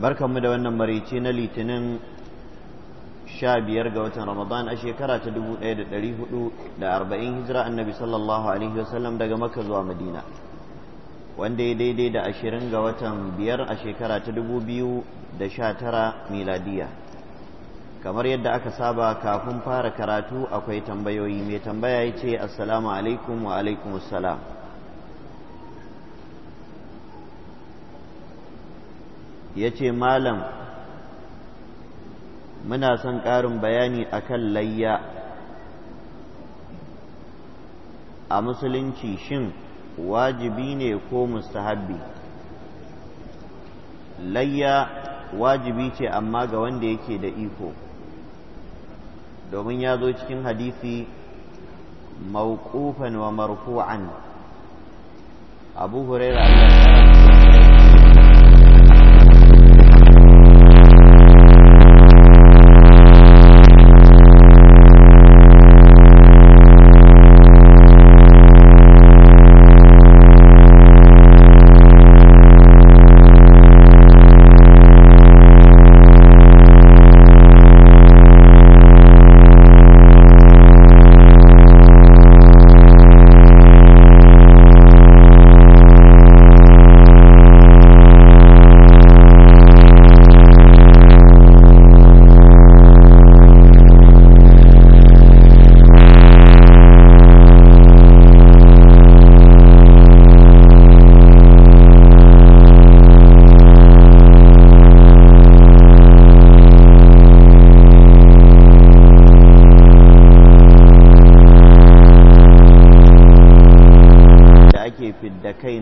barkanmu da wannan maraice na litinin sha biyar ga watan ramadan a shekara ta dubu ɗaya da ɗari hudu da arba'in hijira annabi sallallahu alaihi wasallam daga makka zuwa madina wanda ya daidai da ashirin ga watan biyar a shekara ta dubu biyu da sha tara miladiya kamar yadda aka saba kafin fara karatu akwai tambayoyi mai tambaya ya ce assalamu alaikum wa alaikum assalam ya ce malam muna son ƙarin bayani a kan layya a musulunci shin wajibi ne ko mustahabbi layya wajibi ce amma ga wanda yake da iko domin ya zo cikin hadisi mawqufan wa marfu'an abu hurairah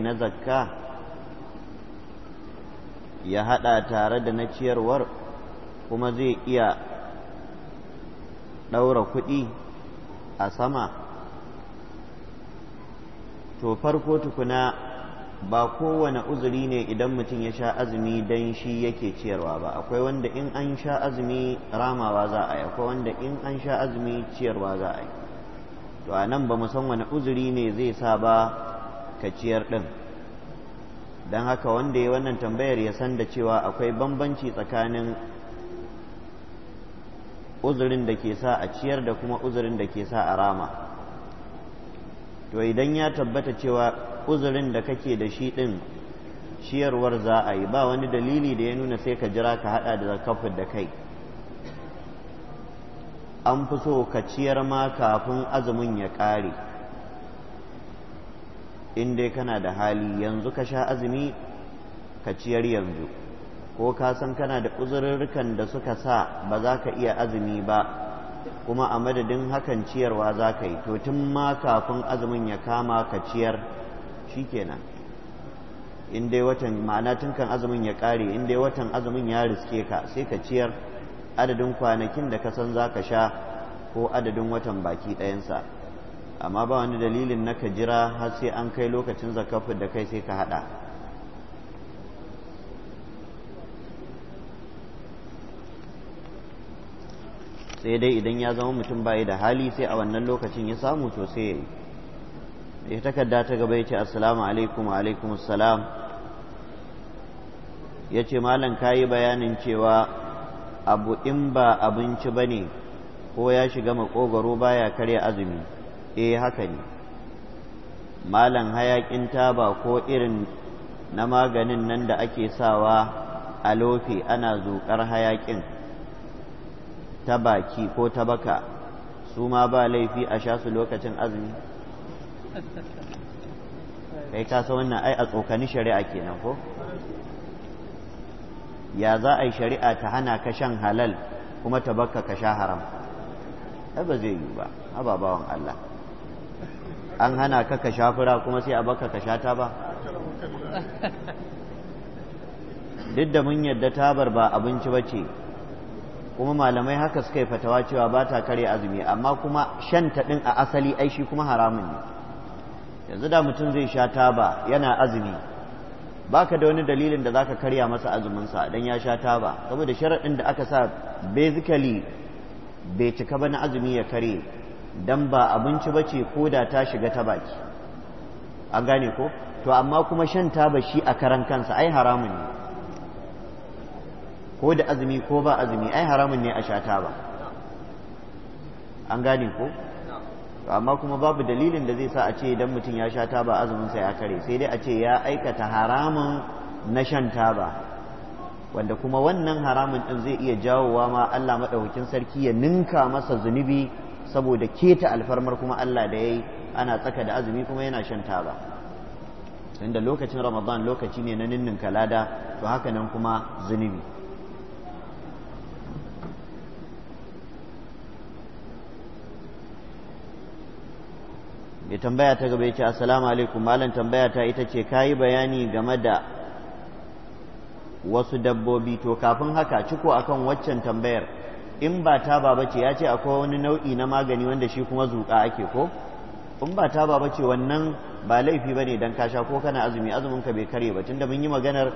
na zakka ya haɗa tare da na ciyarwar kuma zai iya ɗaura kuɗi a sama to farko tukuna ba kowane uzuri ne idan mutum ya sha azumi don shi yake ciyarwa ba akwai wanda in an sha azumi ramawa za a yi akwai wanda in an sha azumi ciyarwa za a yi to a nan ba mu san wani uzuri ne zai sa ba kaciyar ɗin don haka wanda ya wannan tambayar ya san da cewa akwai bambanci tsakanin uzurin da ke sa a ciyar da kuma uzurin da ke sa a rama to idan ya tabbata cewa uzurin da kake da shi ɗin ciyarwar za a yi ba wani dalili da ya nuna sai ka jira ka haɗa da zakafin da kai an fi so ka ciyar ma kafin azumin ya ƙare in dai kana da hali yanzu ka sha azumi ka ciyar yanzu ko ka san kana da uzurrukan da suka sa ba za ka iya azumi ba kuma a madadin hakan ciyarwa za ka yi to tun ma kafin azumin ya kama ka ciyar shikenan in dai watan ma'ana tun kan azumin ya kare in dai watan azumin ya riske ka sai ka ciyar adadin kwanakin da ka san za ka sha ko adadin watan baki ɗayansa amma ba wani dalilin na ka jira har sai an kai lokacin zakafin da kai sai ka haɗa sai dai idan ya zama mutum bayi da hali sai a wannan lokacin ya samu to sai ya yi ya takarda ta gaba ya ce assalamu alaikum wa alaikum assalam ya ce malam ka yi bayanin cewa abu in ba abinci ba ne ko ya shiga makogaro baya karya azumi E haka ne malam hayakin taba ko irin na maganin nan da ake sawa a lofe ana zuƙar hayakin ta baki ko ta baka su ma ba laifi a sha su lokacin azumi kai kasa wannan ai a tsokani shari'a kenan ko ya za a yi shari'a ta hana ka shan halal kuma ta baka ka sha haram ai ba zai yi ba ababawan Allah an hana ka ka kuma sai a baka ka sha taba duk da mun yadda tabar ba abinci ba ce kuma malamai haka suka yi fatawa cewa ba ta karya azumi amma kuma shan ta ɗin a asali ai shi kuma haramun ne yanzu da mutum zai sha taba yana azumi ba ka da wani dalilin da za ka karya masa azuminsa don ya sha taba saboda sharaɗin da aka sa basically bai cika ba na azumi ya karye dan ba abinci bace ko da ta shiga ta baki an gane ko to amma kuma shan taba shi a karan kansa ai haramun ne ko da azumi ko ba azumi ai haramun ne a sha taba an gane ko to amma kuma babu dalilin da zai sa a ce idan mutum ya sha taba azumin sa ya kare sai dai a ce ya aikata haramun na shan taba wanda kuma wannan haramun din zai iya jawowa ma Allah madaukakin sarki ya ninka masa zunubi saboda keta alfarmar kuma Allah da ya yi ana tsaka da azumi kuma yana shan taba inda lokacin Ramadan lokaci ne na ninnin kalada to haka nan kuma zunubi mai tambaya ta gaba ya ce assalamu alaikum malam tambaya ta ita ce kayi bayani game da wasu dabbobi to kafin haka ciko akan waccan tambayar in ba ta baba ce ya ce akwai wani nau'i na magani wanda shi kuma zuƙa ake ko in ba ta baba ce wannan ba laifi ba ne dan ka sha ko kana azumi azumin ka bai kare ba tunda mun yi maganar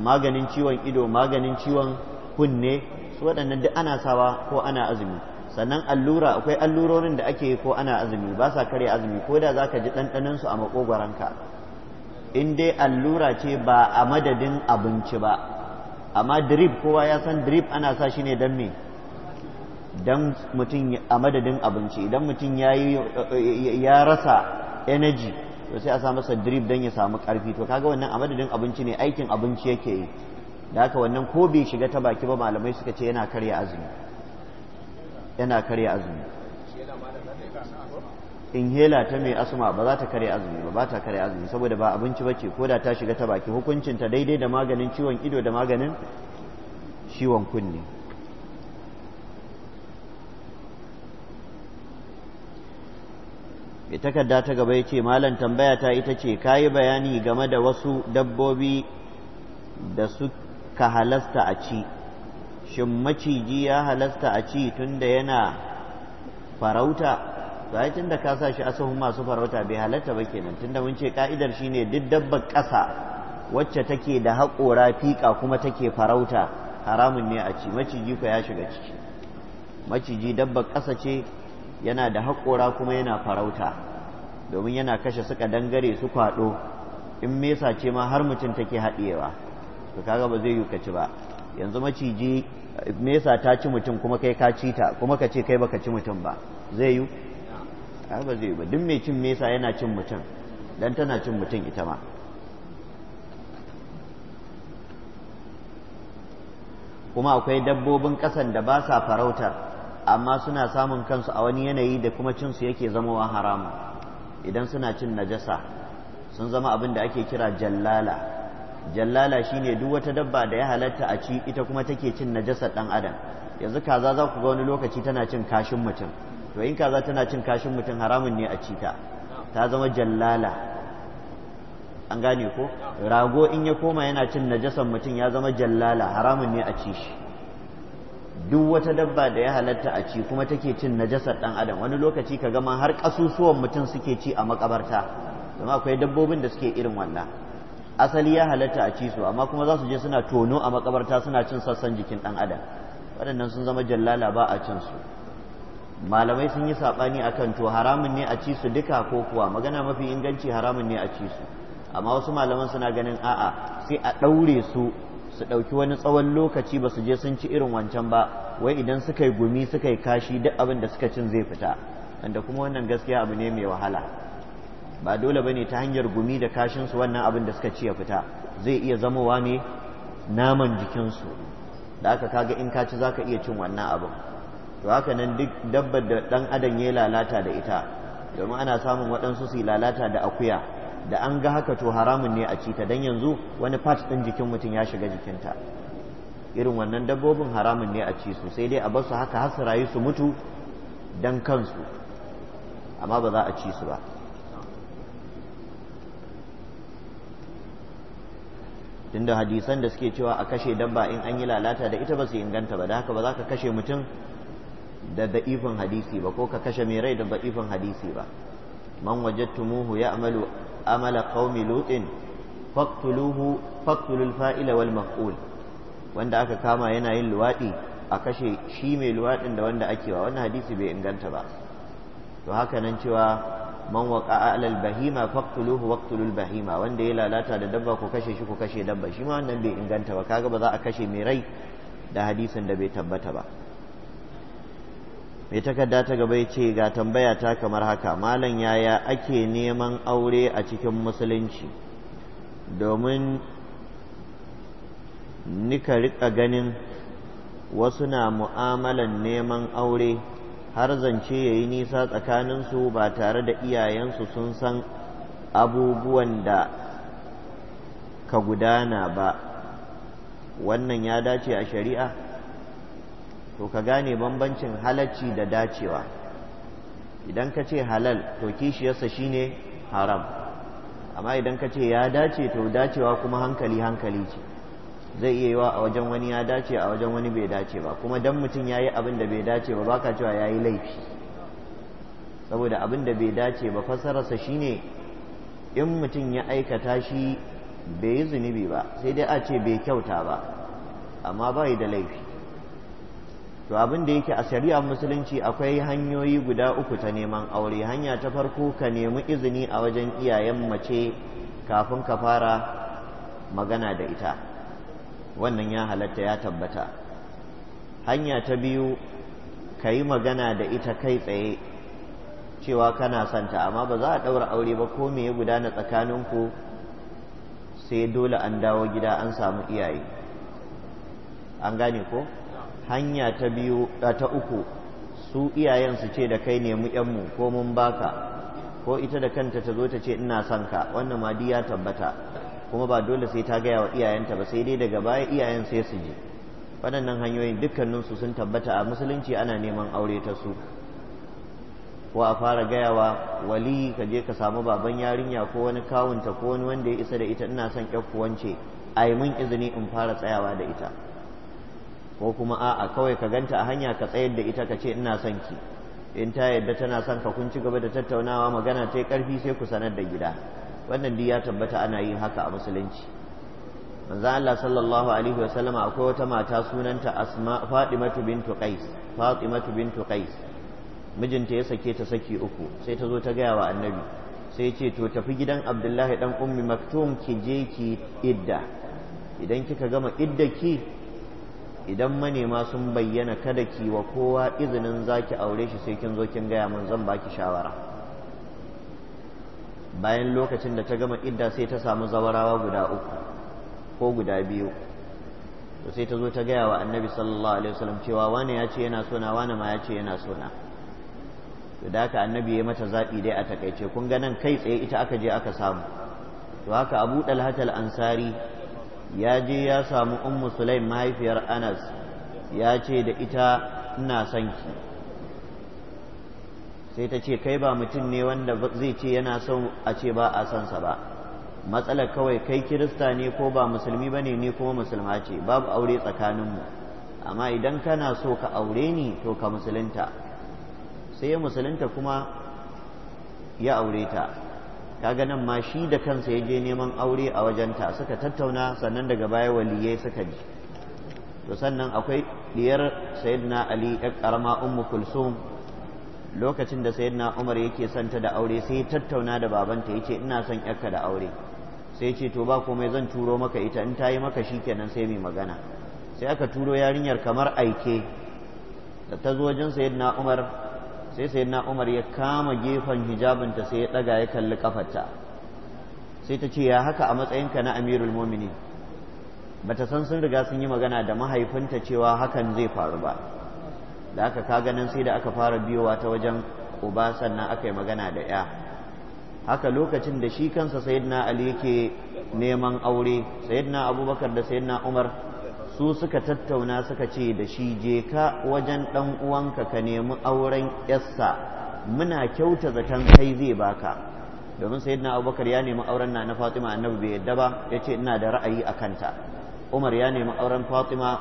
maganin ciwon ido maganin ciwon kunne su waɗannan duk ana sawa ko ana azumi sannan allura akwai allurorin da ake ko ana azumi ba sa kare azumi ko da zaka ji ɗanɗanin su a makogwaranka in dai allura ce ba a madadin abinci ba amma drip kowa ya san drip ana sa shi ne don me don mutum a madadin abinci idan mutum ya rasa energy to sai a sa masa drip don ya samu karfi to kaga wannan a madadin abinci ne aikin abinci yake yi da haka wannan ko bai shiga ta baki ba malamai suka ce yana karya azumi yana karya azumi inhela ta mai asma ba za ta karya azumi ba ba ta karya azumi saboda ba abinci ba ce ko da ta shiga ta baki hukuncinta daidai da maganin ciwon ido da maganin ciwon kunne mai takarda ta gaba ya ce malam tambaya ta ita ce ka yi bayani game da wasu dabbobi da suka halasta a ci shin maciji ya halasta a ci tunda yana farauta tun da ka sa shi sahun masu farauta bai halatta ba kenan tunda mun ce ka'idar shi ne duk dabbar ƙasa wacce take da haƙora fiƙa kuma take farauta haramun ne a ci maciji ka ya shiga ciki maciji dabbar ƙasa ce yana da haƙora kuma yana farauta domin yana kashe suka dangare su kwaɗo in mesa ce ma har mutum take haɗewa to kaga ba zai yi ka ci ba yanzu maciji mesa ta ci mutum kuma kai ka ci ta kuma ka ce kai baka ci mutum ba zai yi ba zai yi ba duk mai cin mesa yana cin mutum dan tana cin mutum ita ma kuma akwai dabbobin ƙasan da ba sa farautar amma suna samun kansu a wani yanayi da kuma cinsu yake zamowa haramun idan suna cin najasa sun zama abin da ake kira jallala jallala shine duk wata dabba da ya halatta a ci ita kuma take cin najasar dan adam yanzu kaza za ku ga wani lokaci tana cin kashin mutum to in kaza tana cin kashin mutum haramun ne a ci ta ta zama jallala an gane ko rago in ya koma yana cin najasar mutum ya zama jallala haramun ne a ci shi duk wata dabba da ya halatta a ci kuma take cin najasar dan adam wani lokaci ka gama har kasusuwan mutum suke ci a makabarta kuma akwai dabbobin da suke irin wannan asali ya halatta a ci su amma kuma za su je suna tono a makabarta suna cin sassan jikin dan adam waɗannan sun zama jallala ba a cin su malamai sun yi saɓani akan to haramun ne a ci su duka ko kuwa magana mafi inganci haramun ne a ci su amma wasu malaman suna ganin a'a sai a ɗaure su su ɗauki wani tsawon lokaci ba su je sun ci irin wancan ba wai idan suka yi gumi suka yi kashi duk abin da suka cin zai fita wanda kuma wannan gaskiya abu ne mai wahala ba dole ba ne ta hanyar gumi da kashin su wannan abin da suka ci ya fita zai iya zamowa ne naman jikinsu da aka kaga in ka ci zaka iya cin wannan abin to haka nan duk dabbar da ɗan adam ya lalata da ita domin ana samun waɗansu su lalata da akuya da an ga haka to haramun ne a ci ta dan yanzu wani part ɗin jikin mutum ya shiga jikinta irin wannan dabbobin haramun ne a ci su sai dai a basu haka har su rayu su mutu dan kansu amma ba za a ci su ba tunda hadisan da suke cewa a kashe dabba in an yi lalata da ita ba su inganta ba da haka ba za ka kashe mutum da da'ifin hadisi ba ko ka kashe mai rai da da'ifin hadisi ba man ya amalu. amala qaumi lutin faqtuluhu faqtulul fa'ila wal wanda aka kama yana yin luwadi a kashe shi mai luwadin da wanda ake wa wannan hadisi bai inganta ba to haka nan cewa man waqa'a alal bahima faqtuluhu waqtulul bahima wanda ya lalata da dabba ku kashe shi ku kashe dabba shi ma wannan bai inganta ba kaga ba za a kashe mai rai da hadisin da bai tabbata ba mai takarda ta gaba ce ga tambaya ta kamar haka malam yaya ake neman aure a cikin musulunci domin nika riƙa ganin wasu na mu'amalan neman aure har zance ya yi nisa tsakaninsu ba tare da iyayensu sun san abubuwan da ka gudana ba wannan ya dace a shari'a to ka gane bambancin halacci da dacewa idan ka ce halal to kishiyarsa ne haram amma idan ka ce ya dace to dacewa kuma hankali hankali ce zai iya yiwa a wajen wani ya dace a wajen wani bai dace ba kuma dan mutum ya yi abin da bai dace ba baka cewa ya yi laifi saboda abin da bai dace ba fassararsa ne in mutum ya aikata shi bai yi zunubi ba sai dai a ce bai kyauta ba amma bai da laifi to abin da yake a shari'ar musulunci akwai hanyoyi guda uku ta neman aure hanya ta farko ka nemi izini a wajen iyayen mace kafin ka fara magana da ita wannan ya halatta ya tabbata hanya ta biyu ka yi magana da ita kai tsaye cewa kana santa amma ba za a ɗaura aure ba ko me ya gudana tsakaninku sai dole an dawo gida an samu iyaye an gane ko hanya ta biyu eh, ta uku su iyayen su ce da kai nemi yanmu ko mun baka ko ita da kanta ta zo ta ce ina son ka wannan ma ya tabbata kuma ba dole sai ta gaya wa iyayenta ba sai dai daga baya iyayen sai su je waɗannan hanyoyin dukkaninsu sun tabbata a musulunci ana neman aure ta su ko a fara gayawa wali ka je ka samu baban yarinya ko wani kawunta ko wani wanda ya isa da ita ina son ƙyakuwance a yi mun izini in fara tsayawa da ita ko kuma a'a kawai ka ganta a hanya ka tsayar da ita ka ce ina son ki in ta yadda tana son ka kun ci gaba da tattaunawa magana ta karfi sai ku sanar da gida wannan dai ya tabbata ana yin haka a musulunci manzo Allah sallallahu alaihi wa sallama akwai wata mata sunanta Asma Fatimatu bintu Qais Fatimatu bintu Qais mijinta ya sake ta saki uku sai ta zo ta gaya wa annabi sai ce to tafi gidan Abdullahi dan ummi Maktum ki je ki idda idan kika gama idda ki idan manema sun bayyana kada ki wa kowa izinin zaki aure shi sai kin zo kin gaya mun zan baki shawara bayan lokacin da ta gama idda sai ta samu zawarawa guda uku ko guda biyu to sai ta zo ta gaya wa annabi sallallahu alaihi wasallam cewa wane ya ce yana sona wane ma ya ce yana sona to da haka annabi ya mata zaɓi dai a takaice kun ga nan kai tsaye ita aka je aka samu to haka abu dalhatal ansari ya je ya samu ummu sulaim mahaifiyar anas ya ce da ita ina son ki sai ta ce kai ba mutum ne wanda zai ce yana son a ce ba a son sa ba matsalar kawai kai kirista ne ko ba musulmi ba ne ni kuma musulma ce babu aure tsakaninmu amma idan kana so ka aure ni to ka musulunta sai ya musulunta kuma ya aure ta kaga nan ma shi da kansa ya je neman aure a wajenta suka tattauna sannan daga baya waliyai suka ji to sannan akwai diyar sayyidina ali ya karama ummu kulsum lokacin da sayyidina umar yake santa da aure sai tattauna da babanta yace ina son yarka da aure sai ce to ba komai zan turo maka ita in ta yi maka shikenan sai mai magana sai aka turo yarinyar kamar aike da ta zo wajen sayyidina umar sai sai na umar ya kama gefen hijabinta sai ya ɗaga ya kalli kafarta sai ta ce ya haka a matsayinka na amirul mumini bata san sun riga sun yi magana da mahaifinta cewa hakan zai faru ba da aka ka ganin sai da aka fara biyowa ta wajen uba sannan aka yi magana da ya haka lokacin da shi kansa sayidina ali yake neman aure sayidina abubakar da sayidina umar su suka tattauna suka ce da shi je ka wajen ɗan uwanka ka nemi auren yassa muna kyauta zaton kai zai baka domin sayyidina abubakar ya nemi auren na na fatima annabi bai yadda ba ya ce ina da ra'ayi a kanta umar ya nemi auren fatima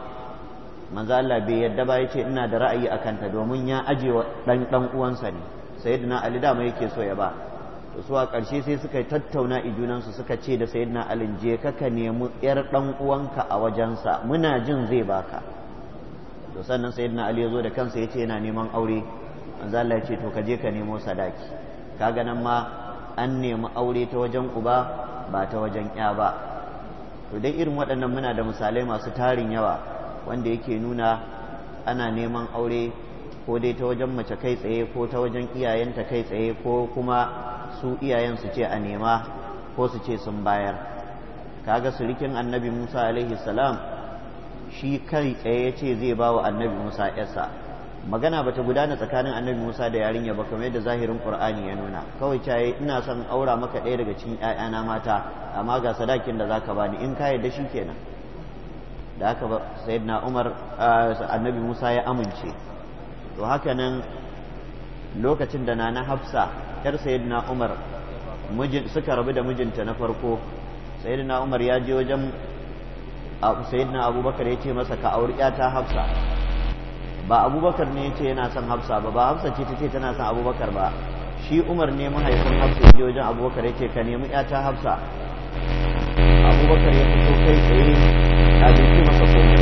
manzo Allah yadda ba ya ce ina da ra'ayi a kanta domin ya aje wa ɗan uwansa ne sayyidina ali dama yake so ya ba to su a ƙarshe sai suka tattauna junansu suka ce da sayyidina alin je ka nemi yar dan uwanka a wajensa muna jin zai baka to sannan sayyidina ali ya zo da kansa ya ce yana neman aure manzo Allah ce to ka je ka nemo sadaki kaga nan ma an nemi aure ta wajen uba ba ta wajen ya ba to dai irin waɗannan muna da misalai masu tarin yawa wanda yake nuna ana neman aure ko dai ta wajen mace kai tsaye ko ta wajen iyayenta kai tsaye ko kuma su iyayen su ce a nema ko su ce sun bayar kaga surikin annabi musa alaihi salam shi kai tsaye ya ce zai ba wa annabi musa yarsa magana bata gudana tsakanin annabi musa da yarinya ba kamar yadda zahirin qur'ani ya nuna kawai caye ina son aura maka ɗaya daga cikin ƴaƴana mata amma ga sadakin da zaka bani in ka yarda kenan da haka sayyidina umar annabi musa ya amince to haka nan lokacin da nana hafsa matar sayyidina Umar suka rabu da mijinta na farko sayyidina Umar ya je wajen sayyidina Abubakar ya ce masa ka auri ta Hafsa ba Abubakar ne ya ce yana son Hafsa ba ba Hafsa ce ta ce tana son Abubakar ba shi Umar ne mahaifin Hafsa ya je wajen Abubakar ya ce ka nemi ta Hafsa Abubakar ya fito kai tsaye a masa komai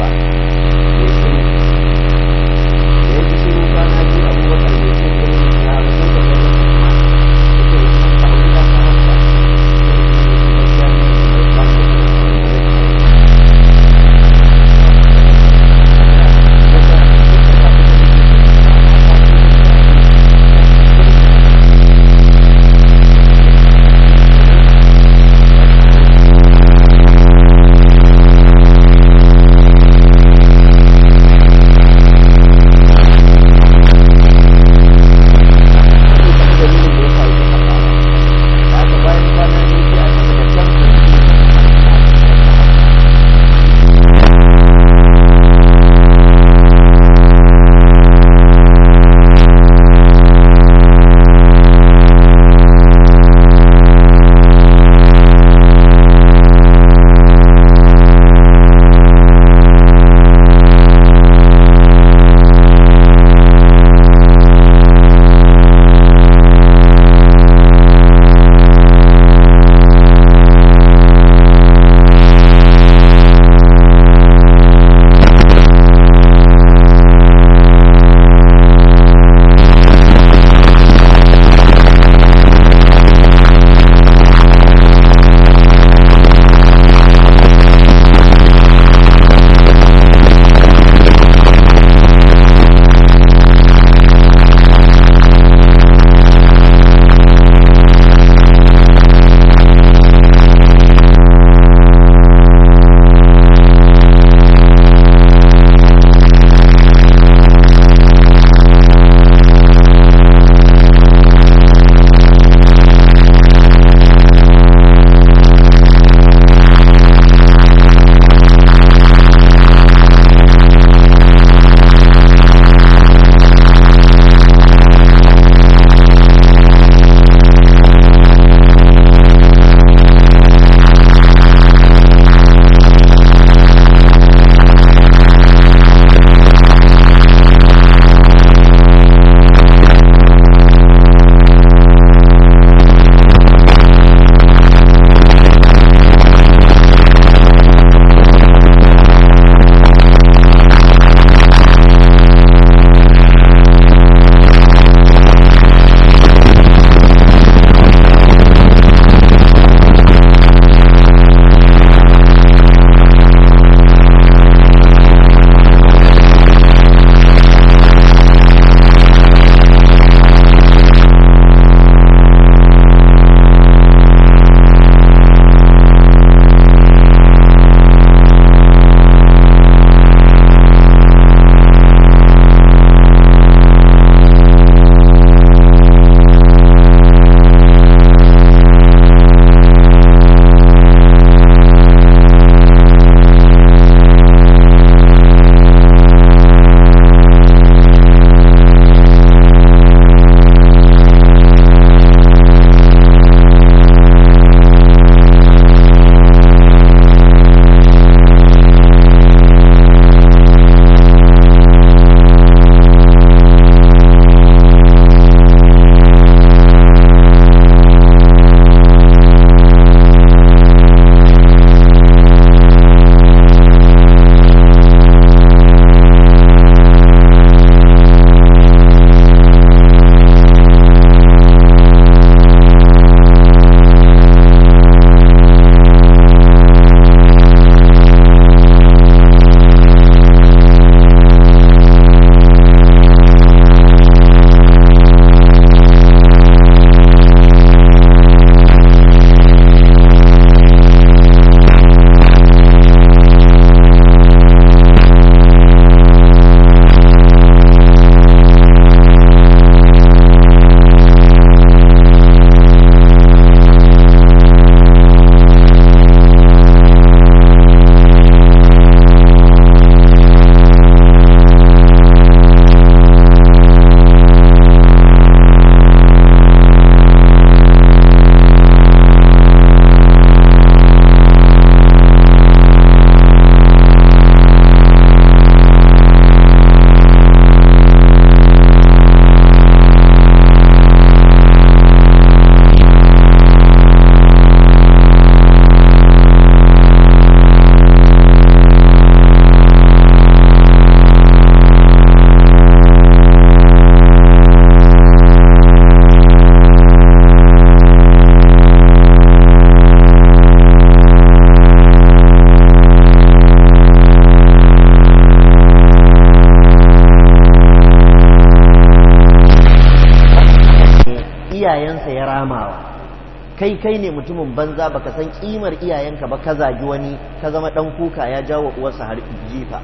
kai kai ne mutumin banza baka san kimar iyayenka ba ka zagi wani ka zama dan kuka ya jawo uwarsa har jifa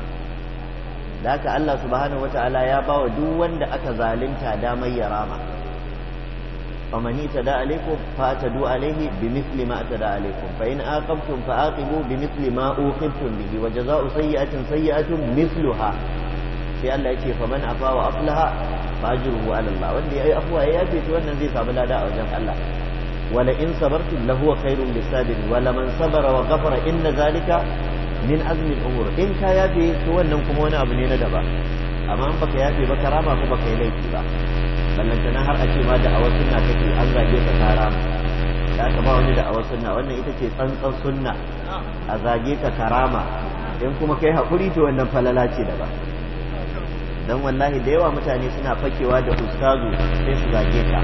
da haka Allah subhanahu wataala ya bawa duk wanda aka zalunta damar ya rama faman tada alaikum fa atadu alaihi misli ma ta atada alaikum fa in aqabtum fa aqibu misli ma uqibtum bihi wa jazaa'u sayyi'atin sayyi'atun mithluha sai Allah yake faman afa wa aflaha fa ajruhu ala Allah wanda yayi afwa ya yafe to wannan zai samu lada a wajen Allah wala in sabartum lahu khairun lisabirin wala man sabara wa ghafara inna zalika min azmi al-umur in ka yafe to wannan kuma wani abu ne na daba amma in baka yafe ba karama ko baka yi laifi ba ballantana har a ce ma da awar sunna kake an zage ka karama da ka ba wani da awar sunna wannan ita ce tsantsan sunna a zage ka karama in kuma kai hakuri to wannan falala ce ba. don wallahi da yawa mutane suna fakewa da ustazu sai su zage ka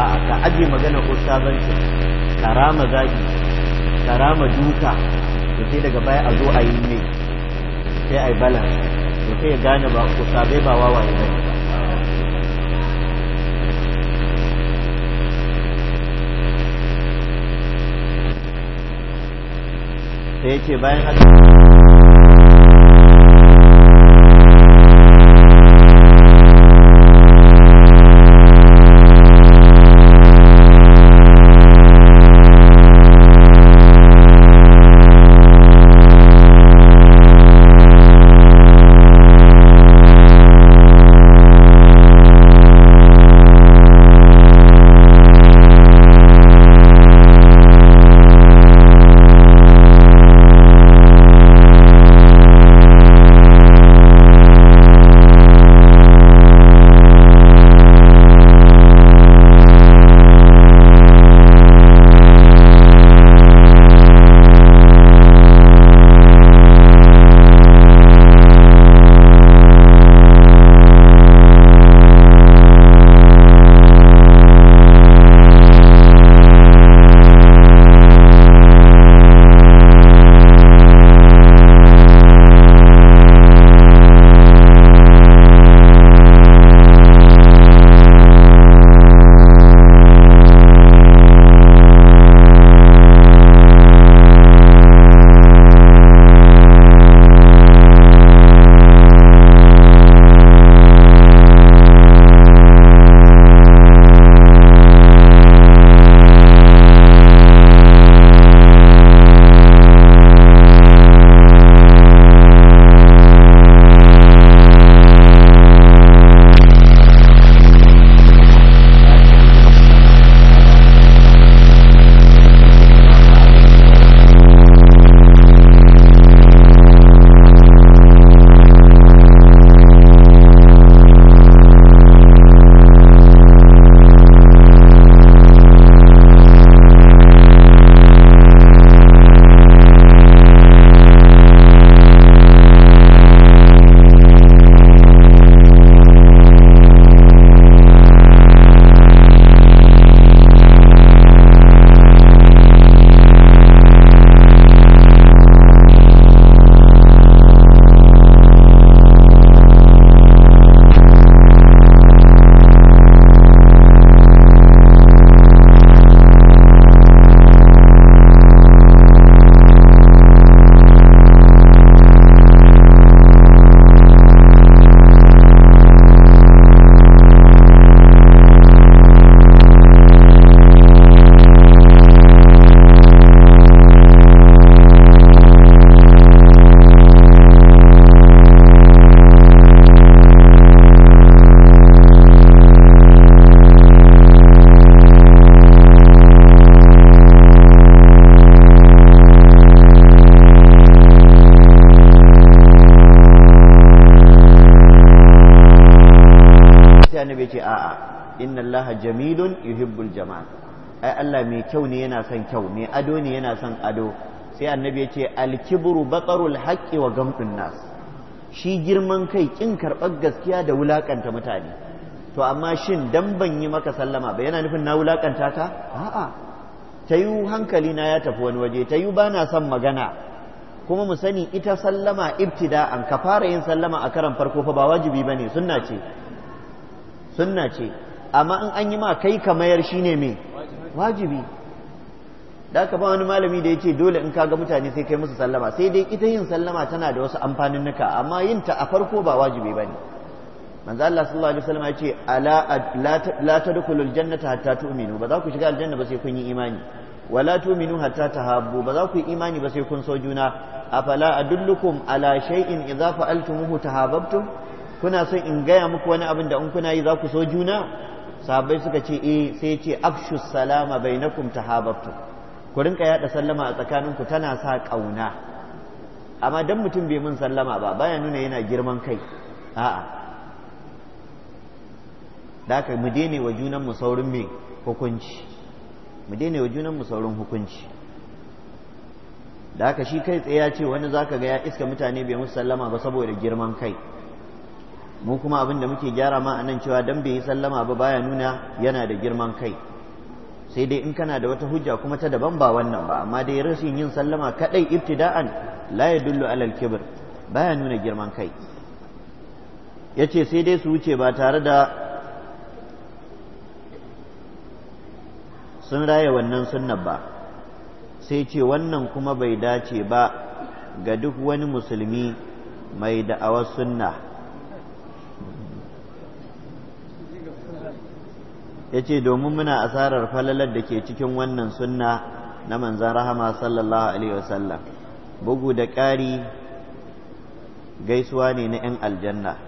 a ka aje magana ustazanci karama zagi karama duka to sai daga baya a zo a yi ne sai a yi balance to sai ya gane ba ustazai ba wawa ya ne sai ya ce bayan haka ce a'a inna allaha jamilun yuhibbul jama'a. ai Allah mai kyau ne yana son kyau mai ado ne yana son ado sai annabi ya ce alkibru batarul haqqi wa gamtun nas shi girman kai kin karɓar gaskiya da wulakanta mutane to amma shin dan ban yi maka sallama ba yana nufin na wulakanta ka a'a ta yi hankali na ya tafi wani waje ta yi ba na son magana kuma mu sani ita sallama ibtida'an ka fara yin sallama a karan farko fa ba wajibi bane sunna ce sunna ce amma in an yi ma kai ka mayar shine me wajibi da ka ba wani malami da ya ce dole in kaga mutane sai kai musu sallama sai dai ita yin sallama tana da wasu amfaninnuka amma yin ta a farko ba wajibi ba ne. manzo Allah sallallahu alaihi wasallam ya ce ala la tadkhulul jannata hatta tu'minu ba za ku shiga aljanna ba sai kun yi imani wala tu'minu hatta tahabbu ba za ku yi imani ba sai kun so juna afala adullukum ala shay'in idza fa'altumuhu tahabbtum kuna son in gaya muku wani abin da in kuna yi za ku so juna sahabbai suka ce eh sai ce afshus salama bainakum tahabbatu ku rinka yada sallama a tsakaninku tana sa kauna amma dan mutum bai mun sallama ba baya nuna yana girman kai a'a da haka mu daina wa junan mu saurin me hukunci mu daina wa junan mu saurin hukunci da haka shi kai tsaye ya ce wani zaka ga ya iska mutane bai musu sallama ba saboda girman kai mu kuma abin da muke gyara ma anan cewa dan bai yi sallama ba baya nuna yana da girman kai sai dai in kana da wata hujja kuma ta daban ba wannan ba amma dai rashin yin sallama kadai ibtida'an la yadullu alal kibr baya nuna girman kai yace sai dai su wuce ba tare da sun raya wannan sunna ba sai ce wannan kuma bai dace ba ga duk wani musulmi mai da'awar sunna ya ce domin muna asarar falalar da ke cikin wannan sunna na manzan rahama sallallahu alaihi wasallam bugu da ƙari gaisuwa ne na 'yan aljanna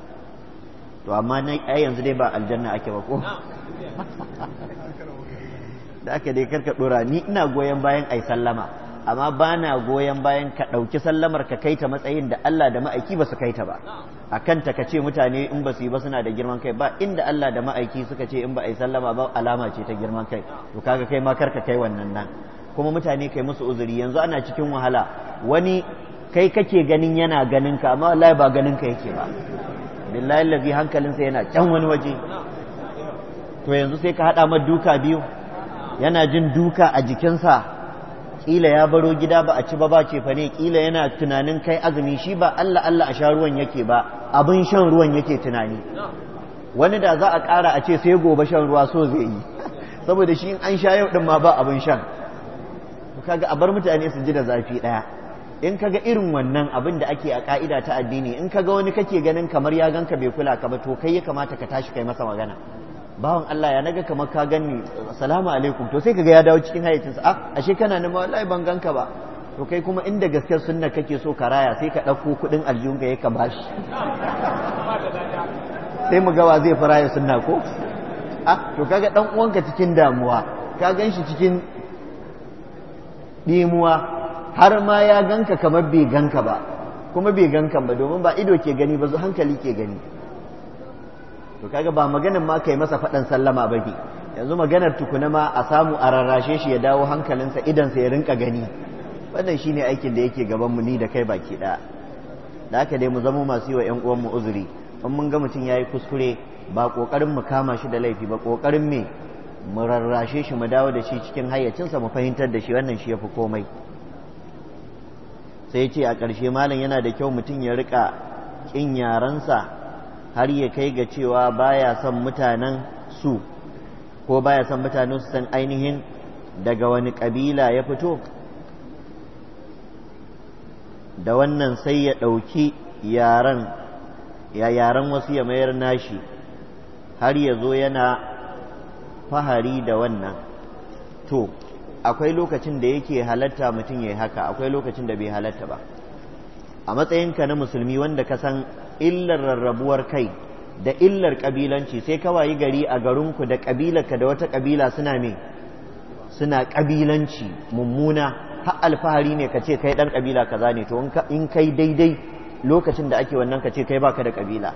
to amma na yanzu dai ba aljanna ake ba da aka dai karka dora ni ina goyon bayan ai sallama amma ba na goyon bayan ka ɗauki sallamar ka kai ta matsayin da Allah da ma'aiki ba su kai ta ba a kanta ka ce mutane in ba su yi ba suna da girman kai ba inda Allah da ma'aiki suka ce in ba a yi sallama ba alama ce ta girman kai to kaga kai ma karka kai wannan nan kuma mutane kai musu uzuri yanzu ana cikin wahala wani kai kake ganin yana ganin ka amma wallahi ba ganin ka yake ba billahi allazi hankalinsa yana can wani waje to yanzu sai ka hada ma duka biyu yana jin duka a jikinsa kila ya baro gida ba a ci ba ba ce ne kila yana tunanin kai azumi shi ba Allah Allah a sha ruwan yake ba abin shan ruwan yake tunani wani da za a ƙara a ce sai gobe shan ruwa so zai yi saboda shi an sha yau din ma ba abin shan kaga a bar mutane su ji da zafi ɗaya in kaga irin wannan abin da ake a ka'ida ta addini in kaga wani kake ganin kamar ya ganka bai kula ka ba to kai ya kamata ka tashi kai masa magana bawan Allah ya naga kamar ka ganni salamu alaikum to sai kaga ya dawo cikin hayyacinsa ah ashe kana nan wallahi ban ganka ba to kai kuma inda gaskiyar sunna kake so ka raya sai ka ɗauko kuɗin aljihunka ya ka bashi sai mu wa zai fara ya sunna ko ah to kaga dan uwanka cikin damuwa ka ganshi cikin dimuwa har ma ya ganka kamar bai ganka ba kuma bai ganka ba domin ba ido ke gani ba zu hankali ke gani to kaga ba maganin ma kai masa faɗan sallama ba ne yanzu maganar tukuna ma a samu a rarrashe shi ya dawo hankalinsa sa ya rinka gani wannan shine aikin da yake gaban mu ni da kai baki ɗaya da haka dai mu zama masu yi wa ƴan uwan mu uzuri in mun ga mutum yayi kuskure ba kokarin mu kama shi da laifi ba kokarin me mu rarrashe shi mu dawo da shi cikin hayyacinsa mu fahimtar da shi wannan shi yafi komai sai ce a ƙarshe malam yana da kyau mutum ya rika kin yaransa. har ya kai ga cewa baya son mutanen su ko baya son mutanen su san ainihin daga wani ƙabila ya fito da wannan sai ya ɗauki yaren ya yaren wasu ya mayar nashi har ya zo yana fahari da wannan to akwai lokacin da yake halatta mutum ya yi haka akwai lokacin da bai halatta ba a matsayinka na musulmi wanda ka san illar rarrabuwar kai da illar kabilanci sai kawai gari a garinku da kabilarka da wata kabila suna me suna kabilanci mummuna har alfahari ne ka ce kai dan kabila kaza ne to in kai daidai lokacin da ake wannan ka ce kai baka da kabila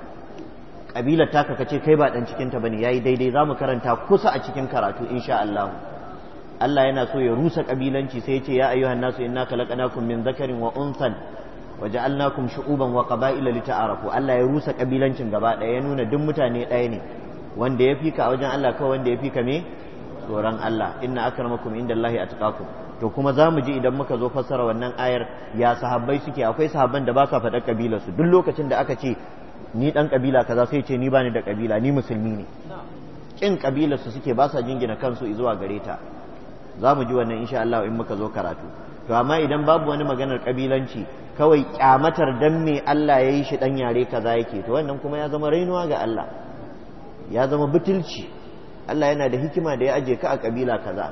kabilar taka ka ce kai ba dan cikinta bane yayi daidai za mu karanta kusa a cikin karatu insha Allah Allah yana so ya rusa kabilanci sai ya ce ya ayyuhan nasu inna khalaqnakum min dhakarin wa unthan waja'alnakum shu'uban wa qaba'ila lita'arafu Allah ya rusa kabilancin gaba ɗaya ya nuna duk mutane daya ne wanda ya fika wajen Allah kawai wanda ya fika me tsoron Allah inna akramakum indallahi atqakum to kuma za ji idan muka zo fassara wannan ayar ya sahabbai suke akwai sahabban da ba sa faɗar kabilar duk lokacin da aka ce ni dan kabila kaza sai ce ni bani da kabila ni musulmi ne kin kabilar suke ba sa jingina kansu zuwa gare ta za mu ji wannan insha Allah in muka zo karatu to amma idan babu wani maganar kabilanci kawai kyamatar dan me Allah ya yi shi dan yare kaza yake to wannan kuma ya zama rainuwa ga Allah ya zama butulci Allah yana da hikima da ya aje ka a kabila kaza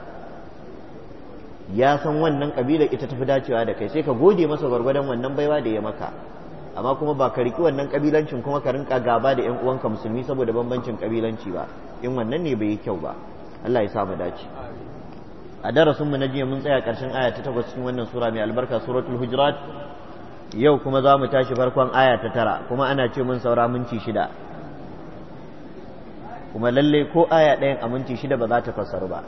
ya san wannan kabila ita tafi dacewa da kai sai ka gode masa gwargwadon wannan baiwa da ya maka amma kuma ba ka riki wannan kabilancin kuma ka rinka gaba da yan uwanka musulmi saboda bambancin kabilanci ba in wannan ne bai yi kyau ba Allah ya sa mu dace a darasin mu na jiya mun tsaya karshen aya ta takwas cikin wannan sura mai albarka suratul hujurat yau kuma za mu tashi farkon aya ta tara kuma ana ce mun saura minti shida kuma lalle ko aya ɗayan a minti shida ba za ta fassaru ba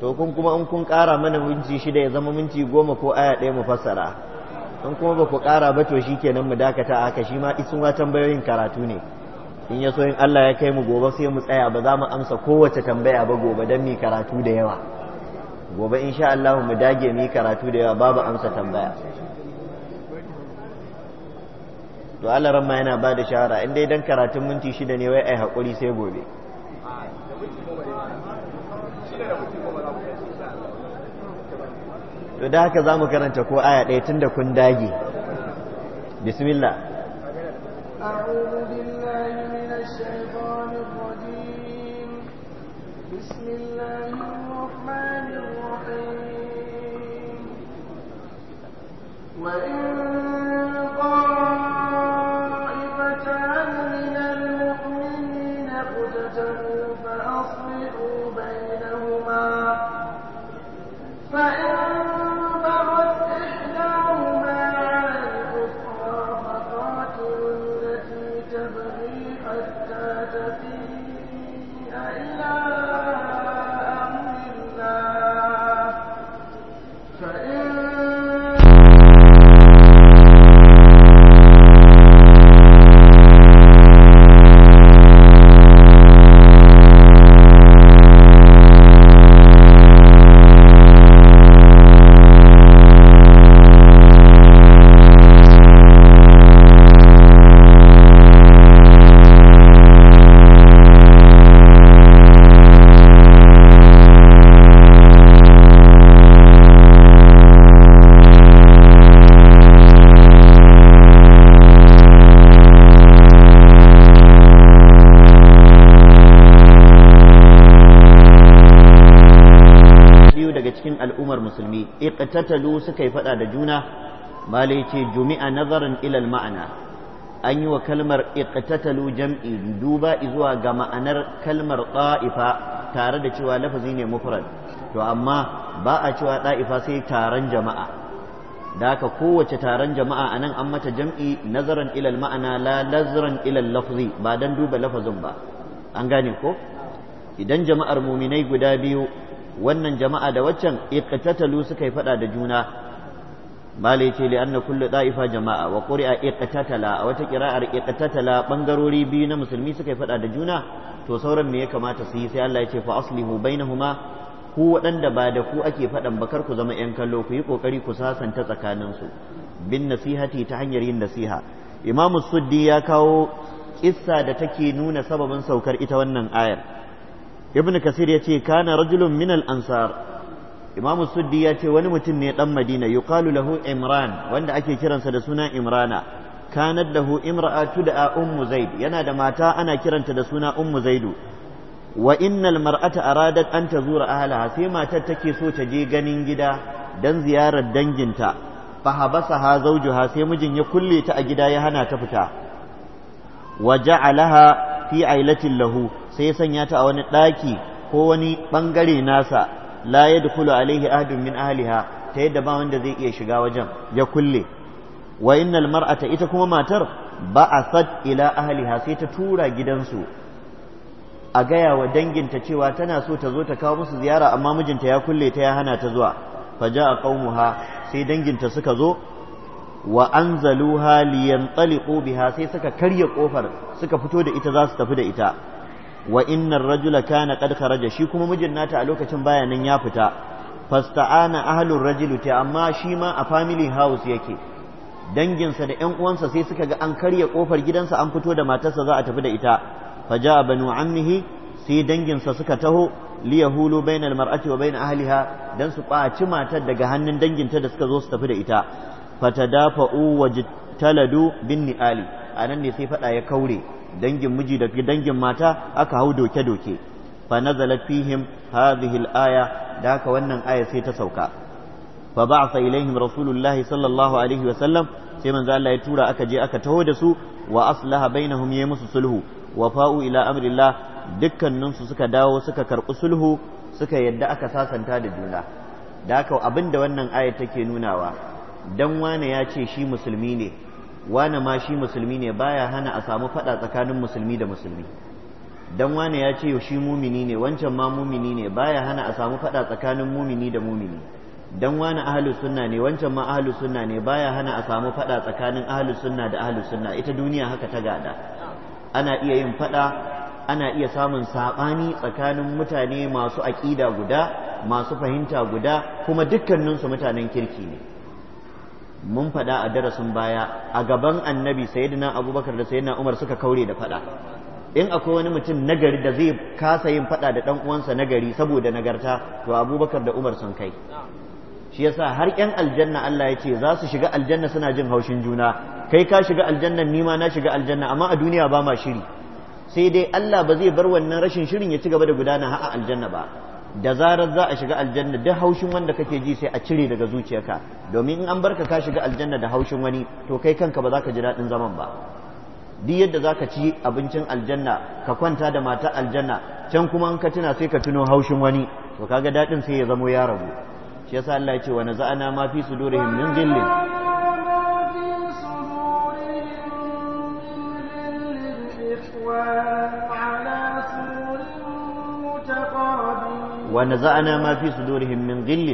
to kun kuma in kun ƙara mana minti shida ya zama minti goma ko aya ɗaya mu fassara in kuma ba ku ƙara ba to shi kenan mu dakata a haka shi ma isin tambayoyin karatu ne in ya so in Allah ya kai mu gobe sai mu tsaya ba za mu amsa kowace tambaya ba gobe don mi karatu da yawa gobe in sha Allah mu dage muyi karatu da yawa babu amsa tambaya to Allah ramma yana ba da shawara in dai dan karatun minti shida ne wai ai hakuri sai gobe to da haka za mu karanta ko aya ɗaya tun da kun dage bismillah أعوذ بالله من الشيطان الرجيم بسم الله الرحمن الرحيم وإن musulmi iqtatalu suka yi fada da juna malai ce jumi'a nazarin ilal ma'ana an yi wa kalmar iqtatalu jam'i duba zuwa ga ma'anar kalmar ta'ifa tare da cewa lafazi ne mufrad to amma ba a cewa ta'ifa sai taron jama'a da haka kowace taron jama'a anan an mata jam'i nazaran ilal ma'ana la nazaran ilal lafzi ba dan duba lafazin ba an gane ko idan jama'ar muminai guda biyu wannan jama'a da waccan iqtatalu suka yi fada da juna malai ce li anna kullu da'ifa jama'a wa quri'a iqtatala a wata qira'ar iqtatala bangarori biyu na musulmi suka yi fada da juna to sauran me ya kamata su yi sai Allah ya ce fa aslihu bainahuma ku waɗanda ba da ku ake faɗan bakar ku zama 'yan kallo ku yi ƙoƙari ku sasanta tsakaninsu bin nasihati ta hanyar yin nasiha imamu suddi ya kawo kissa da take nuna sababin saukar ita wannan ayar ibn kasir ya ce kana rajulun min al-ansar imam suddi ya ce wani mutum ne dan madina yuqalu lahu imran wanda ake kiransa da suna imrana kanat lahu imra'atu da ummu zaid yana da mata ana kiranta da suna ummu zaidu wa innal mar'ata aradat an tazura ahliha sai matar take so ta je ganin gida dan ziyarar danginta fa habasaha zawjuha sai mijin ya kulle ta a gida ya hana ta fita wa ja'alaha fi ailatin lahu sai ya sanya ta a wani ɗaki ko wani ɓangare nasa la yadkhulu alaihi ahadun min ahliha ta yadda ba wanda zai iya shiga wajen ya kulle wa innal mar'ata ita kuma matar ba'athat ila ahliha sai ta tura gidansu a gaya wa danginta cewa tana so ta zo ta kawo musu ziyara amma mijinta ya kulle ta ya hana ta zuwa fa ja'a qaumuha sai danginta suka zo wa anzaluha liyantaliqu biha sai suka karya kofar suka fito da ita za su tafi da ita wa inna rajula kana qad kharaja shi kuma mijin nata a lokacin baya nan ya fita fasta'ana ahlur rajulu ta amma shi ma a family house yake danginsa da ƴan uwansa sai suka ga an karya kofar gidansa an fito da matarsa za a tafi da ita faja banu ammihi sai danginsa suka taho li yahulu bainal mar'ati wa bain ahliha dan su kwaci matar daga hannun danginta da suka zo su tafi da ita fatadafa'u wajtaladu bin ni'ali anan ne sai fada ya kaure dangin miji da dangin mata aka hau doke-doke fa nazalat fihim hadhihi al-aya da haka wannan aya sai ta sauka fa ba'atha ilaihim rasulullahi sallallahu alaihi wa sallam sai manzo Allah ya tura aka je aka taho da su wa aslaha bainahum yayi musu sulhu wa fa'u ila amrillah dukkanin su suka dawo suka karɓi sulhu suka yadda aka sasanta da juna da haka abinda wannan aya take nunawa dan wane ya ce shi musulmi ne wane ma shi musulmi ne baya hana a samu faɗa tsakanin musulmi da musulmi dan wane ya ce shi mumini ne wancan ma mumini ne baya hana a samu faɗa tsakanin mumini da mumini dan wani ahlu sunna ne wancan ma ahlu sunna ne baya hana a samu fada tsakanin ahlu sunna da ahlu sunna ita duniya haka ta gada ana iya yin fada ana iya samun sabani tsakanin mutane masu aƙida guda masu fahimta guda kuma dukkaninsu mutanen kirki ne mun faɗa a darasin baya a gaban annabi sayyidina abubakar da sayyidina umar suka kaure da faɗa in akwai wani mutum nagari da zai kasa yin faɗa da ɗan uwansa nagari saboda nagarta to abubakar da umar sun kai shi yasa har ƴan aljanna Allah ya ce za su shiga aljanna suna jin haushin juna kai ka shiga aljanna ni ma na shiga aljanna amma a duniya ba ma shiri sai dai Allah ba zai bar wannan rashin shirin ya ci gaba da gudana har a aljanna ba da zarar za a shiga aljanna duk haushin wanda kake ji sai a cire daga zuciyarka domin in an barka ka shiga aljanna da haushin wani to kai kanka ba za ka ji daɗin zaman ba duk yadda za ka ci abincin aljanna ka kwanta da mata aljanna can kuma in ka tuna sai ka tuno haushin wani to kaga daɗin sai ya zamo ya rabu shi yasa Allah ya ce wa naza'ana ma fi sudurihim min ghillin ونزعنا ما في صدورهم من غل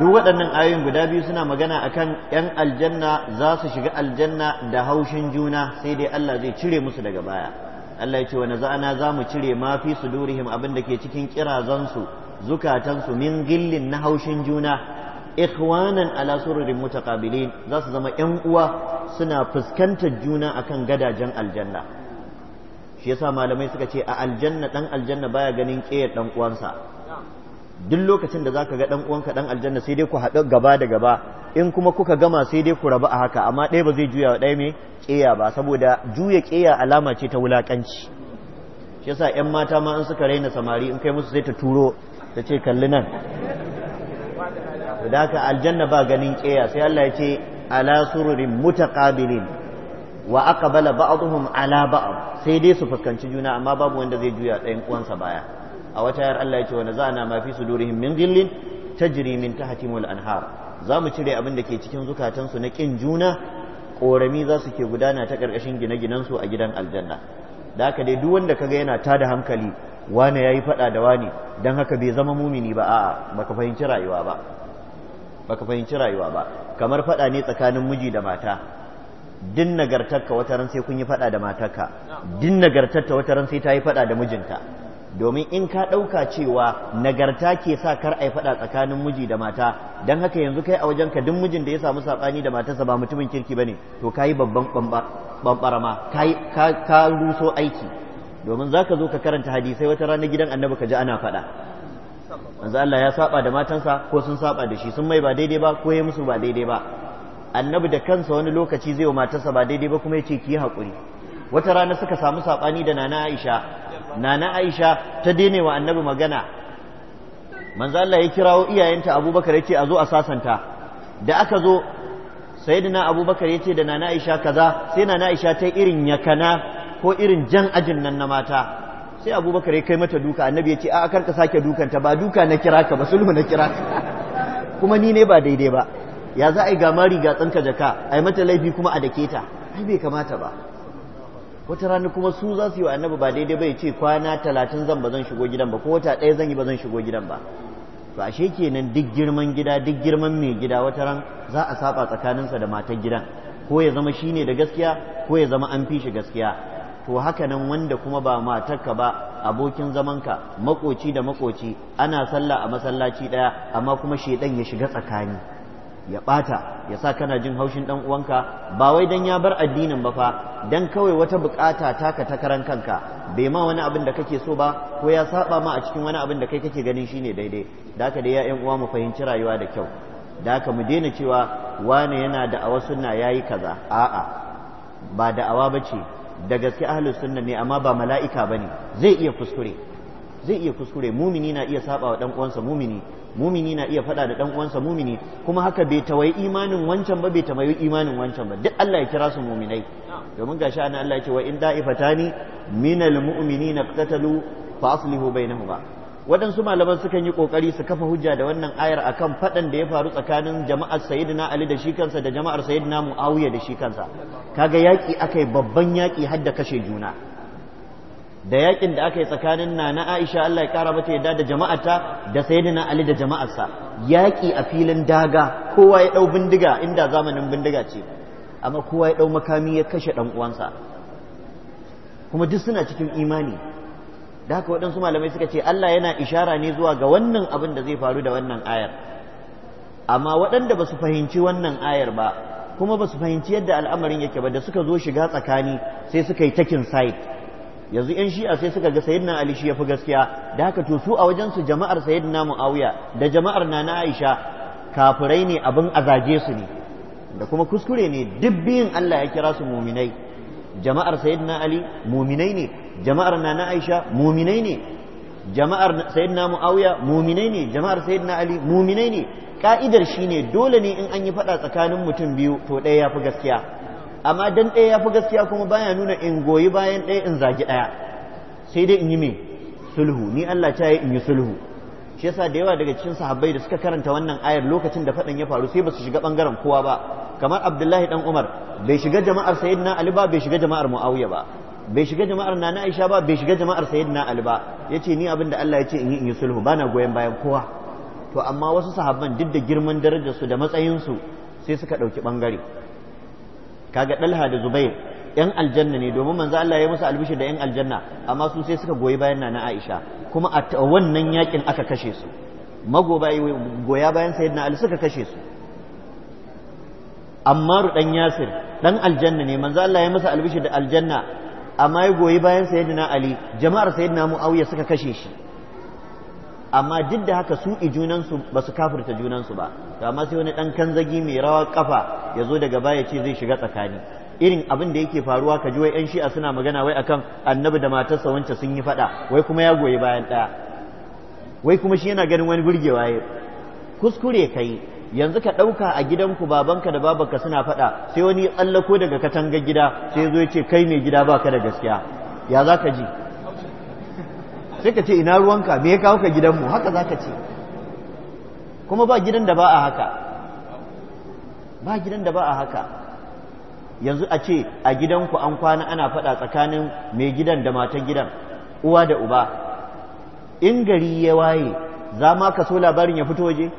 duk waɗannan ayoyin guda biyu suna magana akan 'yan aljanna za su shiga aljanna da haushin juna sai dai Allah zai cire musu daga baya Allah ya ce wa naza'ana za mu cire ma fi sudurihim abin da ke cikin kirazansu zukatansu min gillin na haushin juna ikhwanan ala sururin mutaqabilin za su zama yan uwa suna fuskantar juna akan gadajen aljanna shi yasa malamai suka ce a aljanna dan aljanna baya ganin ƙeyar dan uwansa duk lokacin da zaka ga dan uwanka dan aljanna sai dai ku haɗu gaba da gaba in kuma kuka gama sai dai ku rabu a haka amma ɗaya ba zai juya wa ɗaya mai ƙeya ba saboda juya ƙeya alama ce ta wulaƙanci shi yasa ƴan mata ma in suka raina samari in kai musu sai ta turo ta ce kalli nan to da aka aljanna ba ganin keya sai Allah ya ce ala sururin mutaqabilin wa aqbala ba'dhum ala ba'd sai dai su fuskanci juna amma babu wanda zai juya ɗayan uwansa baya a wata yar Allah ya ce wa naza'na ma fi sudurihim min ghillin tajri min ta anhar za mu cire abin da ke cikin zukatansu na kin juna ƙorami za su ke gudana ta karkashin gine-ginensu a gidan aljanna da haka dai duk wanda kaga yana tada hankali wane yayi yi faɗa da wane dan haka bai zama mumini ba a'a baka fahimci rayuwa ba baka fahimci rayuwa ba kamar fada ne tsakanin miji da mata din nagartarka wata ran sai kun yi fada da matarka din nagartarta wata ran sai ta yi faɗa da mijinta domin in ka ɗauka cewa nagarta ke sa kar a yi faɗa tsakanin miji da mata don haka yanzu kai a wajen ka din mijin da ya samu saɓani da matarsa ba mutumin kirki bane ne to ka yi babban ɓamɓarama ka ruso aiki domin za ka zo ka karanta hadisai wata ranar gidan annabi ka ji ana faɗa manzo Allah ya saba da matansa ko sun saba da shi sun mai ba daidai ba ko ya musu ba daidai ba annabi da kansa wani lokaci zai wa matarsa ba daidai ba kuma ya ce ki yi haƙuri wata rana suka samu saɓani da nana aisha nana aisha ta daina wa annabi magana manzo Allah ya kirawo iyayenta abubakar ya ce a zo a sasanta da aka zo sayyidina abubakar ya ce da nana aisha kaza sai nana aisha ta irin yakana ko irin jan ajin nan na mata sai abubakar ya kai mata duka annabi ya ce a karka sake dukanta ba duka na kira ka ba sulhu na kira ka kuma ni ne ba daidai ba ya za a yi gamari ga tsanka jaka a yi mata laifi kuma a dake ta ai bai kamata ba wata rana kuma su za su yi wa annabi ba daidai ba ya ce kwana talatin zan ba zan shigo gidan ba ko wata daya zan yi ba zan shigo gidan ba to ashe kenan duk girman gida duk girman mai gida wata ran za a saba tsakaninsa da matar gidan ko ya zama shine da gaskiya ko ya zama an fi shi gaskiya to haka nan wanda kuma ba matarka ba abokin zaman ka makoci da makoci ana sallah a masallaci ɗaya amma kuma shedan ya shiga tsakani ya ɓata ya sa kana jin haushin dan uwanka ba wai dan ya bar addinin ba fa dan kawai wata bukata taka ta karan kanka bai ma wani abin da kake so ba ko ya saba ma a cikin wani abin da kai kake ganin shine daidai da haka dai ya yan uwa mu fahimci rayuwa da kyau da haka mu daina cewa wane yana da awa sunna yayi kaza a'a ba da awa bace da gaske ahlus sunna ne amma ba mala'ika bane zai iya kuskure zai iya kuskure mumini na iya saba wa dan uwansa mumini mumini na iya faɗa da dan uwansa mumini kuma haka bai tawayi imanin wancan ba bai tawayi imanin wancan ba duk Allah ya kira su muminai domin gashi ana Allah ya ce wa in da'ifatani minal mu'minina qatalu fa aslihu bainahuma waɗansu malaman sukan yi ƙoƙari su kafa hujja da wannan ayar a kan faɗan da ya faru tsakanin jama'ar sayyidina Ali da shi kansa da jama'ar sayyidina Muawiya da shi kansa kaga yaƙi akai babban yaƙi har da kashe juna da yaƙin da aka yi tsakanin na Aisha Allah ya ƙara mata yadda da jama'ata da sayyidina Ali da jama'arsa yaƙi a filin daga kowa ya ɗau bindiga inda zamanin bindiga ce amma kowa ya ɗau makami ya kashe ɗan uwansa kuma duk suna cikin imani da haka waɗansu malamai suka ce Allah yana ishara ne zuwa ga wannan abin da zai faru da wannan ayar amma waɗanda ba su fahimci wannan ayar ba kuma ba su fahimci yadda al'amarin yake ba da suka zo shiga tsakani sai suka yi takin site yanzu yan shi'a sai suka ga sayyidina ali shi yafi gaskiya da haka to su a wajen su jama'ar sayyidina muawiya da jama'ar nana aisha kafirai ne abin azaje su ne da kuma kuskure ne duk biyun Allah ya kira su muminai jama'ar sayyidina ali muminai ne jama'ar nana aisha muminai ne jama'ar sayyidina muawiya muminai ne jama'ar sayyidina ali muminai ne ka'idar shine dole ne in an yi fada tsakanin mutum biyu to ɗaya ya fi gaskiya amma dan ɗaya ya fi gaskiya kuma baya nuna in goyi bayan ɗaya in zagi ɗaya sai dai in yi me sulhu ni Allah ta yi in yi sulhu shi yasa da yawa daga cikin sahabbai da suka karanta wannan ayar lokacin da fadan ya faru sai ba su shiga bangaren kowa ba kamar abdullahi dan umar bai shiga jama'ar sayyidina ali ba bai shiga jama'ar muawiya ba bai shiga jama'ar nana aisha ba bai shiga jama'ar sayyidina ali ba yace ni abinda Allah yace in yi in yi sulhu bana goyen bayan kowa to amma wasu sahabban duk da girman darajar su da matsayin su sai suka dauki bangare kaga dalha da zubair yan aljanna ne domin manzo Allah ya musu albishi da yan aljanna amma su sai suka goyi bayan nana Aisha kuma a wannan yakin aka kashe su magoba goya bayan sayyidina Ali suka kashe su Ammaru dan Yasir dan aljanna ne manzo Allah ya musu albishi da aljanna amma ya goyi bayan sayyidina Ali jama'ar sayyidina Muawiya suka kashe shi amma duk da haka su junansu ba su kafirta junansu ba to amma sai wani dan kanzagi mai rawa kafa ya zo daga baya ce zai shiga tsakani irin abin da yake faruwa ka ji wai yan shi'a suna magana wai akan annabi da matarsa wancan sun yi faɗa wai kuma ya goyi bayan ɗaya wai kuma shi yana ganin wani burgewa ya kuskure yi, yanzu ka ɗauka a gidanku babanka da babanka suna faɗa sai wani ya tsallako daga katangar gida sai ya zo ce kai mai gida baka da gaskiya ya za ka ji sai ka ce ina ruwanka me ya kawo ka gidanmu haka za ka ce kuma ba gidan da ba a haka ba gidan da ba a haka yanzu a ce a gidanku an kwana ana faɗa tsakanin mai gidan da matan gidan uwa da uba in gari ya waye za ma ka so labarin ya fito waje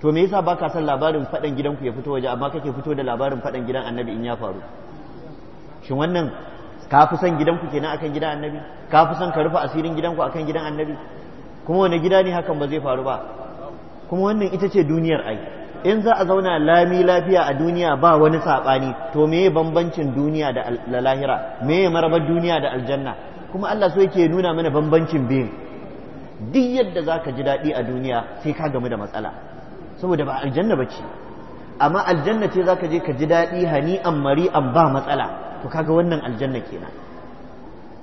to me yasa ba ka son labarin faɗan gidanku ya fito waje amma kake fito da labarin faɗan gidan annabi in ya faru shin wannan ka fi son gidanku kenan akan gidan annabi ka fi son ka rufe asirin gidanku akan gidan annabi kuma wani gida ne hakan ba zai faru ba kuma wannan ita ce duniyar ai in za a zauna lami lafiya a duniya ba wani saɓani to me bambancin duniya da lahira me marabar duniya da aljanna kuma Allah so yake nuna mana bambancin biyun duk yadda za ka ji daɗi a duniya sai ka gamu da matsala saboda ba aljanna ba ce amma aljanna ce za ka je ka ji daɗi hani an mari an ba matsala to kaga wannan aljanna kenan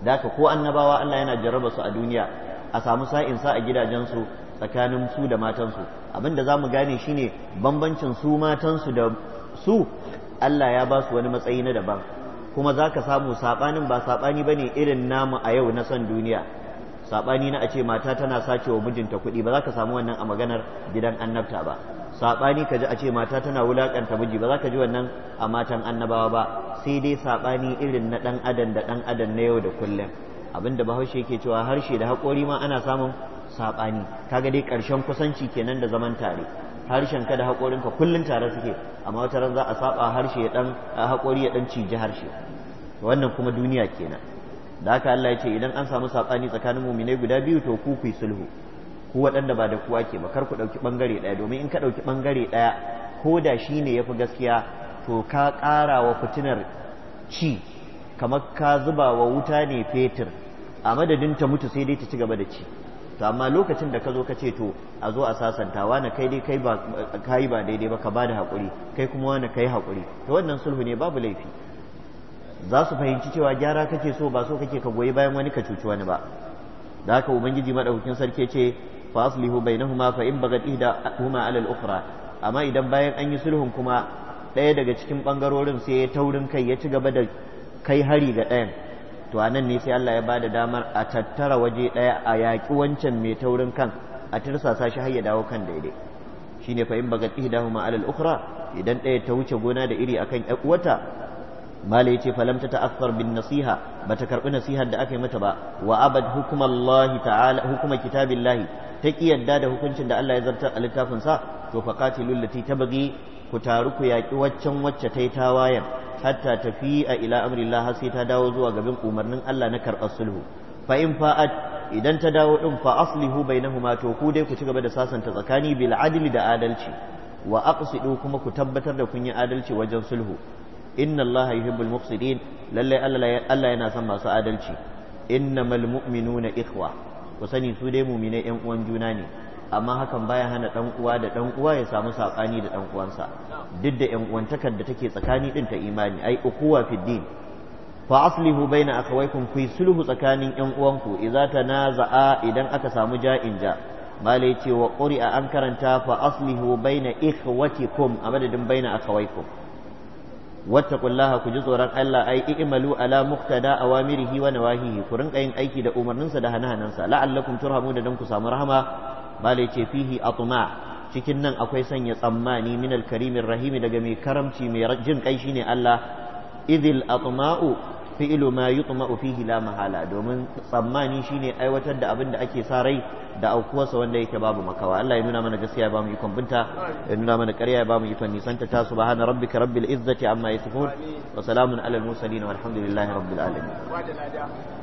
da ko annabawa Allah yana jarraba su a duniya a samu sa'in sa a gidajensu tsakanin su da matansu abinda za mu gane shine bambancin su matansu da su Allah ya ba su wani matsayi na daban kuma za ka samu saɓanin ba saɓani ba ne irin namu a yau na son duniya saɓani na a ce mata tana sace wa mijinta kuɗi ba za ka samu wannan a maganar gidan annabta ba saɓani ka ji a ce mata tana wulaƙanta miji ba za ka ji wannan a matan annabawa ba sai dai saɓani irin na ɗan adam da ɗan adam na yau da kullum abinda bahaushe yake cewa harshe da haƙori ma ana samun saɓani kaga dai ƙarshen kusanci kenan da zaman tare harshen ka da ka kullum tare suke amma wata ran za a saba harshe ya dan haƙori ya dan ciji harshe wannan kuma duniya kenan da haka Allah ya ce idan an samu saɓani tsakanin muminai guda biyu to ku kuyi sulhu ku waɗanda ba da kuwa ke ba kar ku ɗauki ɓangare ɗaya domin in ka ɗauki ɓangare ɗaya ko da shi ne ya gaskiya to ka ƙara wa fitinar ci kamar ka zuba wa wuta ne fetur a madadin ta mutu sai dai ta ci gaba da ci to amma lokacin da ka zo ka ce to a zo a sasanta wani kai dai kai ba kai ba daidai ba ka bada hakuri kai kuma wani kai hakuri to wannan sulhu ne babu laifi za su fahimci cewa gyara kake so ba so kake ka goyi bayan wani ka cuci wani ba da haka ubangiji madaukakin sarki ce fa aslihu bainahuma fa in bagat huma ala al-ukhra amma idan bayan an yi sulhun kuma ɗaya daga cikin ɓangarorin sai ya taurin kai ya ci gaba da kai hari ga ɗayan to anan ne sai Allah ya bada damar a tattara waje daya a yaƙi wancan mai taurin kan a tirsasa shi har ya dawo kan daidai shine fa in bagat ihdahuma alal ukhra idan ɗaya ta wuce gona da iri akan ƴar uwata mala yace falam ta ta'assar bin nasiha bata karbi nasihar da aka yi mata ba wa abad hukumallahi ta'ala hukuma kitabillahi ta ki yadda da hukuncin da Allah ya zartar a littafin sa to fa qatilul lati tabghi ku taru ku yaki waccan wacce ta yi tawayen. hatta tafi a ila amrillah har sai ta dawo zuwa gaban umarnin Allah na karɓar sulhu fa in fa'at idan ta dawo din fa aslihu bainahuma to ku dai ku ci gaba da sasanta tsakani bil adli da adalci wa aqsidu kuma ku tabbatar da kun yi adalci wajen sulhu inna allaha yuhibbul muqsidin lalle Allah yana son masu adalci innamal mu'minuna ikhwa ku sani su dai mu'minai yan uwan juna ne amma hakan baya hana dan uwa da dan uwa ya samu sakani da dan uwansa duk da yan uwantakar da take tsakani din ta imani ai ukuwa fi din fa aslihu baina akhawaykum fi sulhu tsakanin yan uwanku idza tanaza'a idan aka samu ja'in ja malai ce wa qur'a an karanta fa aslihu baina ikhwatikum a madadin baina akhawaykum wattaqullaha ku ji tsoron Allah ai i'malu ala muqtada awamirihi wa nawahihi ku rinka yin aiki da umarninsa da hanahanansa la'allakum turhamu da dan ku samu rahama bala ce fihi atma cikin nan akwai sanya tsammani min karimin rahimi daga mai karamci mai jin kai shine Allah idil atma'u fi'lu ma yutma'u fihi la mahala domin tsammani shine aiwatar da abin da ake sa rai da aukuwarsa wanda yake babu makawa Allah ya nuna mana gaskiya ba mu ikon binta ya nuna mana ƙarya ba mu ikon nisanta ta subhana rabbika rabbil izzati amma yasifun wa salamun alal mursalin walhamdulillahi rabbil alamin